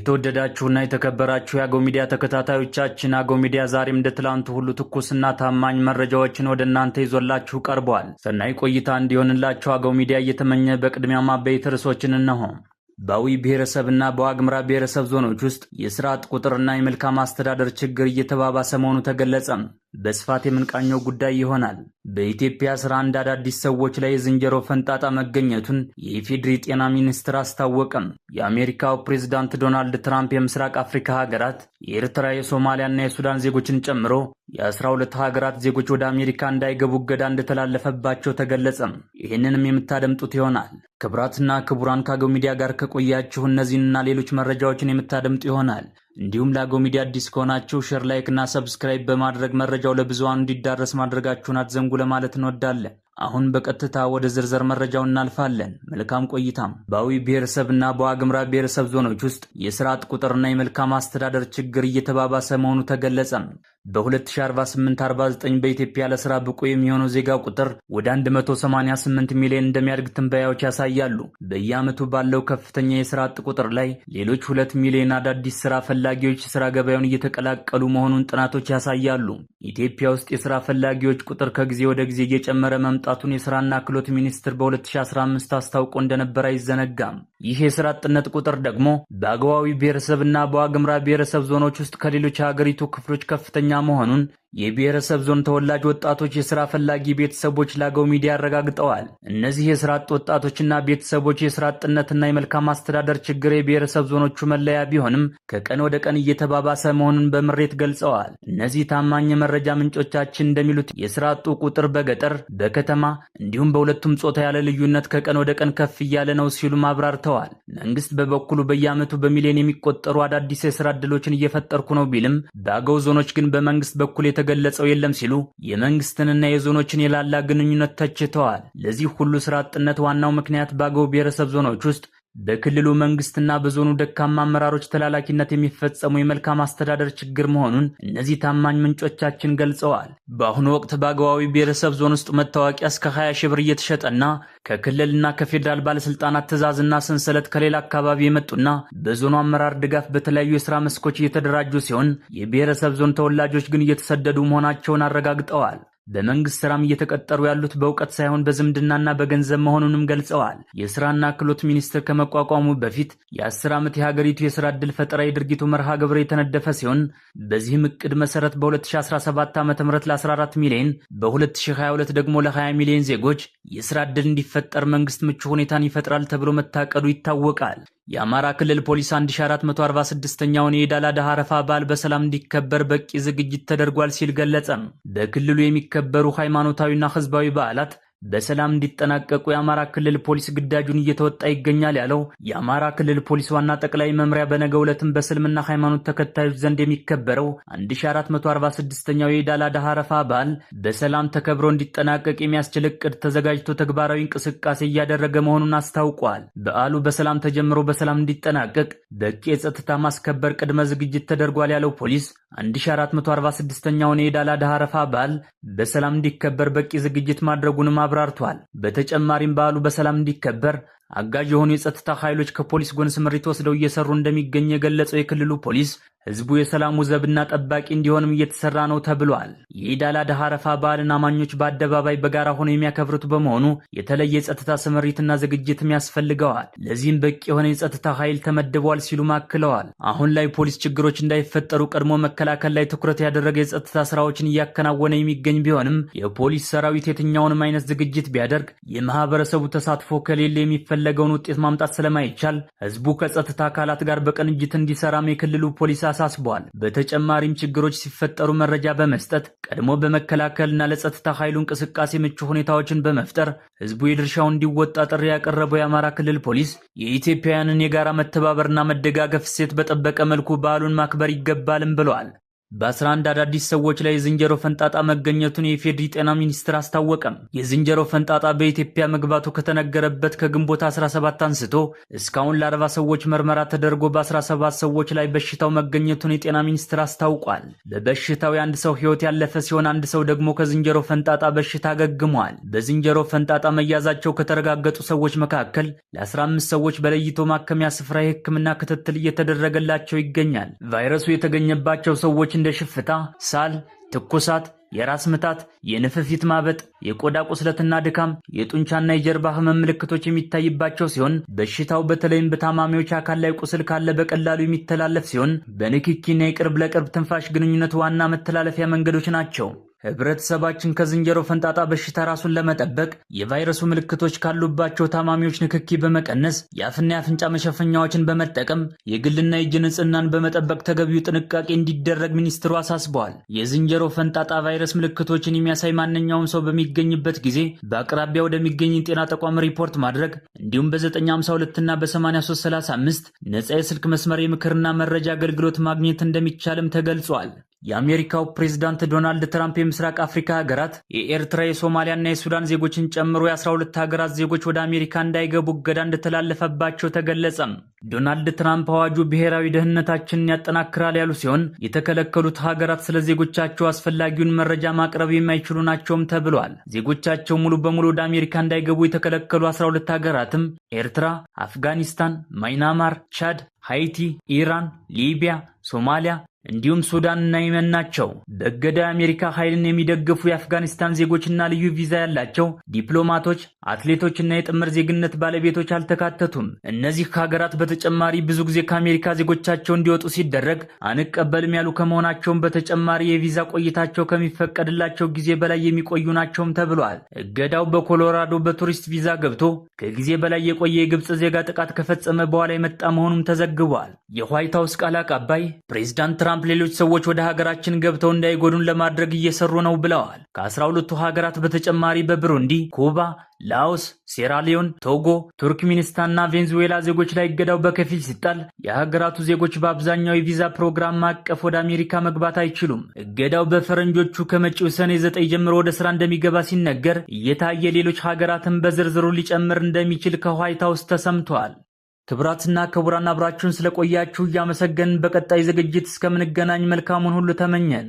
የተወደዳችሁና የተከበራችሁ የአገው ሚዲያ ተከታታዮቻችን አገው ሚዲያ ዛሬም እንደ ትላንቱ ሁሉ ትኩስና ታማኝ መረጃዎችን ወደ እናንተ ይዞላችሁ ቀርቧል። ሰናይ ቆይታ እንዲሆንላችሁ አገው ሚዲያ እየተመኘ በቅድሚያ ማበይት ርዕሶችን እነሆ። በአዊ ብሔረሰብና በዋግምራ ብሔረሰብ ዞኖች ውስጥ የስርዓት ቁጥርና የመልካም አስተዳደር ችግር እየተባባሰ መሆኑ ተገለጸም። በስፋት የምንቃኘው ጉዳይ ይሆናል። በኢትዮጵያ 11 አዳዲስ ሰዎች ላይ የዝንጀሮ ፈንጣጣ መገኘቱን የኢፌዴሪ ጤና ሚኒስትር አስታወቀም። የአሜሪካው ፕሬዝዳንት ዶናልድ ትራምፕ የምስራቅ አፍሪካ ሀገራት የኤርትራ፣ የሶማሊያና የሱዳን ዜጎችን ጨምሮ የአስራ ሁለት ሀገራት ዜጎች ወደ አሜሪካ እንዳይገቡ እገዳ እንደተላለፈባቸው ተገለጸም። ይህንንም የምታደምጡት ይሆናል። ክቡራትና ክቡራን ከአገው ሚዲያ ጋር ከቆያችሁ እነዚህንና ሌሎች መረጃዎችን የምታደምጡ ይሆናል። እንዲሁም ለአገው ሚዲያ አዲስ ከሆናችሁ ሼር፣ ላይክ እና ሰብስክራይብ በማድረግ መረጃው ለብዙሃኑ እንዲዳረስ ማድረጋችሁን አትዘንጉ ለማለት እንወዳለን። አሁን በቀጥታ ወደ ዝርዝር መረጃው እናልፋለን። መልካም ቆይታም። በአዊ ብሔረሰብና በዋግምራ ብሔረሰብ ዞኖች ውስጥ የስርዓት ቁጥርና የመልካም አስተዳደር ችግር እየተባባሰ መሆኑ ተገለጸ በ በ2048/49 በኢትዮጵያ ለስራ ብቁ የሚሆነው ዜጋ ቁጥር ወደ 188 ሚሊዮን እንደሚያድግ ትንበያዎች ያሳያሉ። በየዓመቱ ባለው ከፍተኛ የስራ አጥ ቁጥር ላይ ሌሎች ሁለት ሚሊዮን አዳዲስ ስራ ፈላጊዎች ስራ ገበያውን እየተቀላቀሉ መሆኑን ጥናቶች ያሳያሉ። ኢትዮጵያ ውስጥ የስራ ፈላጊዎች ቁጥር ከጊዜ ወደ ጊዜ እየጨመረ መምጣ ማውጣቱን የስራና ክህሎት ሚኒስቴር በ2015 አስታውቆ እንደነበር አይዘነጋም። ይህ የስራ አጥነት ቁጥር ደግሞ በአገዋዊ ብሔረሰብና በዋግምራ ብሔረሰብ ዞኖች ውስጥ ከሌሎች የሀገሪቱ ክፍሎች ከፍተኛ መሆኑን የብሔረሰብ ዞን ተወላጅ ወጣቶች የስራ ፈላጊ ቤተሰቦች ላገው ሚዲያ አረጋግጠዋል። እነዚህ የስራ አጥ ወጣቶችና ቤተሰቦች የስራ አጥነትና የመልካም አስተዳደር ችግር የብሔረሰብ ዞኖቹ መለያ ቢሆንም ከቀን ወደ ቀን እየተባባሰ መሆኑን በምሬት ገልጸዋል። እነዚህ ታማኝ የመረጃ ምንጮቻችን እንደሚሉት የስራ አጡ ቁጥር በገጠር በከተማ እንዲሁም በሁለቱም ጾታ ያለ ልዩነት ከቀን ወደ ቀን ከፍ እያለ ነው ሲሉ አብራርተዋል። አብራርተዋል። መንግስት በበኩሉ በየዓመቱ በሚሊዮን የሚቆጠሩ አዳዲስ የስራ ዕድሎችን እየፈጠርኩ ነው ቢልም በአገው ዞኖች ግን በመንግስት በኩል የተገለጸው የለም ሲሉ የመንግስትንና የዞኖችን የላላ ግንኙነት ተችተዋል። ለዚህ ሁሉ ስራ አጥነት ዋናው ምክንያት በአገው ብሔረሰብ ዞኖች ውስጥ በክልሉ መንግስትና በዞኑ ደካማ አመራሮች ተላላኪነት የሚፈጸሙ የመልካም አስተዳደር ችግር መሆኑን እነዚህ ታማኝ ምንጮቻችን ገልጸዋል። በአሁኑ ወቅት በአገዋዊ ብሔረሰብ ዞን ውስጥ መታወቂያ እስከ 20 ሺህ ብር እየተሸጠና ከክልልና ከፌዴራል ባለስልጣናት ትዕዛዝና ሰንሰለት ከሌላ አካባቢ የመጡና በዞኑ አመራር ድጋፍ በተለያዩ የስራ መስኮች እየተደራጁ ሲሆን የብሔረሰብ ዞን ተወላጆች ግን እየተሰደዱ መሆናቸውን አረጋግጠዋል። በመንግስት ስራም እየተቀጠሩ ያሉት በእውቀት ሳይሆን በዝምድናና በገንዘብ መሆኑንም ገልጸዋል። የስራና ክህሎት ሚኒስቴር ከመቋቋሙ በፊት የአስር ዓመት የሀገሪቱ የስራ ዕድል ፈጠራ የድርጊቱ መርሃ ግብር የተነደፈ ሲሆን በዚህም እቅድ መሰረት በ2017 ዓ ም ለ14 ሚሊዮን በ2022 ደግሞ ለ20 ሚሊዮን ዜጎች የስራ ዕድል እንዲፈጠር መንግስት ምቹ ሁኔታን ይፈጥራል ተብሎ መታቀዱ ይታወቃል። የአማራ ክልል ፖሊስ 1446ኛውን የኢድ አል አድሃ አረፋ በዓል በሰላም እንዲከበር በቂ ዝግጅት ተደርጓል ሲል ገለጸ። በክልሉ የሚከበሩ ሃይማኖታዊና ህዝባዊ በዓላት በሰላም እንዲጠናቀቁ የአማራ ክልል ፖሊስ ግዳጁን እየተወጣ ይገኛል ያለው የአማራ ክልል ፖሊስ ዋና ጠቅላይ መምሪያ በነገ ዕለትም በእስልምና ሃይማኖት ተከታዮች ዘንድ የሚከበረው 1446ኛው የኢድ አል አድሃ አረፋ በዓል በሰላም ተከብሮ እንዲጠናቀቅ የሚያስችል እቅድ ተዘጋጅቶ ተግባራዊ እንቅስቃሴ እያደረገ መሆኑን አስታውቋል። በዓሉ በሰላም ተጀምሮ በሰላም እንዲጠናቀቅ በቂ የጸጥታ ማስከበር ቅድመ ዝግጅት ተደርጓል ያለው ፖሊስ 1446ኛውን የኢድ አል አድሃ አረፋ በዓል በሰላም እንዲከበር በቂ ዝግጅት ማድረጉንም አብራርቷል። በተጨማሪም በዓሉ በሰላም እንዲከበር አጋዥ የሆኑ የጸጥታ ኃይሎች ከፖሊስ ጎን ስምሪት ወስደው እየሰሩ እንደሚገኝ የገለጸው የክልሉ ፖሊስ ህዝቡ የሰላሙ ዘብና ጠባቂ እንዲሆንም እየተሰራ ነው ተብሏል። የኢድ አል አድሃ አረፋ በዓልን አማኞች በአደባባይ በጋራ ሆነው የሚያከብሩት በመሆኑ የተለየ የጸጥታ ስምሪትና ዝግጅትም ያስፈልገዋል። ለዚህም በቂ የሆነ የጸጥታ ኃይል ተመድቧል ሲሉም አክለዋል። አሁን ላይ ፖሊስ ችግሮች እንዳይፈጠሩ ቀድሞ መከላከል ላይ ትኩረት ያደረገ የጸጥታ ስራዎችን እያከናወነ የሚገኝ ቢሆንም የፖሊስ ሰራዊት የትኛውንም አይነት ዝግጅት ቢያደርግ የማህበረሰቡ ተሳትፎ ከሌለ የሚፈ የፈለገውን ውጤት ማምጣት ስለማይቻል ህዝቡ ከጸጥታ አካላት ጋር በቅንጅት እንዲሰራም የክልሉ ፖሊስ አሳስበዋል። በተጨማሪም ችግሮች ሲፈጠሩ መረጃ በመስጠት ቀድሞ በመከላከልና ለጸጥታ ኃይሉ እንቅስቃሴ ምቹ ሁኔታዎችን በመፍጠር ህዝቡ የድርሻውን እንዲወጣ ጥሪ ያቀረበው የአማራ ክልል ፖሊስ የኢትዮጵያውያንን የጋራ መተባበርና መደጋገፍ እሴት በጠበቀ መልኩ በዓሉን ማክበር ይገባልም ብለዋል። በ11 አዳዲስ ሰዎች ላይ የዝንጀሮ ፈንጣጣ መገኘቱን የኢፌዴሪ ጤና ሚኒስቴር አስታወቀም። የዝንጀሮ ፈንጣጣ በኢትዮጵያ መግባቱ ከተነገረበት ከግንቦት 17 አንስቶ እስካሁን ለ40 ሰዎች ምርመራ ተደርጎ በ17 ሰዎች ላይ በሽታው መገኘቱን የጤና ሚኒስቴር አስታውቋል። በበሽታው የአንድ ሰው ሕይወት ያለፈ ሲሆን አንድ ሰው ደግሞ ከዝንጀሮ ፈንጣጣ በሽታ አገግሟል። በዝንጀሮ ፈንጣጣ መያዛቸው ከተረጋገጡ ሰዎች መካከል ለ15 ሰዎች በለይቶ ማከሚያ ስፍራ የሕክምና ክትትል እየተደረገላቸው ይገኛል። ቫይረሱ የተገኘባቸው ሰዎች እንደ ሽፍታ፣ ሳል፣ ትኩሳት፣ የራስ ምታት፣ የንፍፊት ማበጥ፣ የቆዳ ቁስለትና ድካም፣ የጡንቻና የጀርባ ህመም ምልክቶች የሚታይባቸው ሲሆን በሽታው በተለይም በታማሚዎች አካል ላይ ቁስል ካለ በቀላሉ የሚተላለፍ ሲሆን በንክኪና የቅርብ ለቅርብ ትንፋሽ ግንኙነት ዋና መተላለፊያ መንገዶች ናቸው። ህብረተሰባችን ከዝንጀሮ ፈንጣጣ በሽታ ራሱን ለመጠበቅ የቫይረሱ ምልክቶች ካሉባቸው ታማሚዎች ንክኪ በመቀነስ የአፍና የአፍንጫ መሸፈኛዎችን በመጠቀም የግልና የእጅ ንጽህናን በመጠበቅ ተገቢው ጥንቃቄ እንዲደረግ ሚኒስትሩ አሳስበዋል። የዝንጀሮ ፈንጣጣ ቫይረስ ምልክቶችን የሚያሳይ ማንኛውም ሰው በሚገኝበት ጊዜ በአቅራቢያ ወደሚገኝ ጤና ተቋም ሪፖርት ማድረግ እንዲሁም በ952 እና በ8335 ነጻ የስልክ መስመር የምክርና መረጃ አገልግሎት ማግኘት እንደሚቻልም ተገልጿል። የአሜሪካው ፕሬዝዳንት ዶናልድ ትራምፕ የምስራቅ አፍሪካ ሀገራት የኤርትራ፣ የሶማሊያና የሱዳን ዜጎችን ጨምሮ የ12 ሀገራት ዜጎች ወደ አሜሪካ እንዳይገቡ እገዳ እንደተላለፈባቸው ተገለጸም። ዶናልድ ትራምፕ አዋጁ ብሔራዊ ደህንነታችንን ያጠናክራል ያሉ ሲሆን የተከለከሉት ሀገራት ስለ ዜጎቻቸው አስፈላጊውን መረጃ ማቅረብ የማይችሉ ናቸውም ተብሏል። ዜጎቻቸው ሙሉ በሙሉ ወደ አሜሪካ እንዳይገቡ የተከለከሉ 12 ሀገራትም ኤርትራ፣ አፍጋኒስታን፣ ማይናማር፣ ቻድ፣ ሃይቲ፣ ኢራን፣ ሊቢያ፣ ሶማሊያ፣ እንዲሁም ሱዳንና የመን ናቸው። በእገዳ የአሜሪካ ኃይልን የሚደግፉ የአፍጋኒስታን ዜጎችና ልዩ ቪዛ ያላቸው ዲፕሎማቶች፣ አትሌቶችና የጥምር ዜግነት ባለቤቶች አልተካተቱም። እነዚህ ሀገራት በተጨማሪ ብዙ ጊዜ ከአሜሪካ ዜጎቻቸው እንዲወጡ ሲደረግ አንቀበልም ያሉ ከመሆናቸውም በተጨማሪ የቪዛ ቆይታቸው ከሚፈቀድላቸው ጊዜ በላይ የሚቆዩ ናቸውም ተብሏል። እገዳው በኮሎራዶ በቱሪስት ቪዛ ገብቶ ከጊዜ በላይ የቆየ የግብፅ ዜጋ ጥቃት ከፈጸመ በኋላ የመጣ መሆኑም ተዘግቧል። የዋይት ሀውስ ቃል አቀባይ ፕሬዚዳንት ትራምፕ ሌሎች ሰዎች ወደ ሀገራችን ገብተው እንዳይጎዱን ለማድረግ እየሰሩ ነው ብለዋል። ከአስራ ሁለቱ ሀገራት በተጨማሪ በብሩንዲ፣ ኩባ፣ ላኦስ፣ ሴራሊዮን፣ ቶጎ፣ ቱርክሚኒስታንና ቬንዙዌላ ዜጎች ላይ እገዳው በከፊል ሲጣል የሀገራቱ ዜጎች በአብዛኛው የቪዛ ፕሮግራም ማቀፍ ወደ አሜሪካ መግባት አይችሉም። እገዳው በፈረንጆቹ ከመጪው ሰኔ ዘጠኝ ጀምሮ ወደ ስራ እንደሚገባ ሲነገር እየታየ ሌሎች ሀገራትን በዝርዝሩ ሊጨምር እንደሚችል ከዋይት ሀውስ ተሰምቷል። ክብራትና ክቡራን አብራችሁን ስለቆያችሁ እያመሰገን በቀጣይ ዝግጅት እስከምንገናኝ መልካሙን ሁሉ ተመኘን።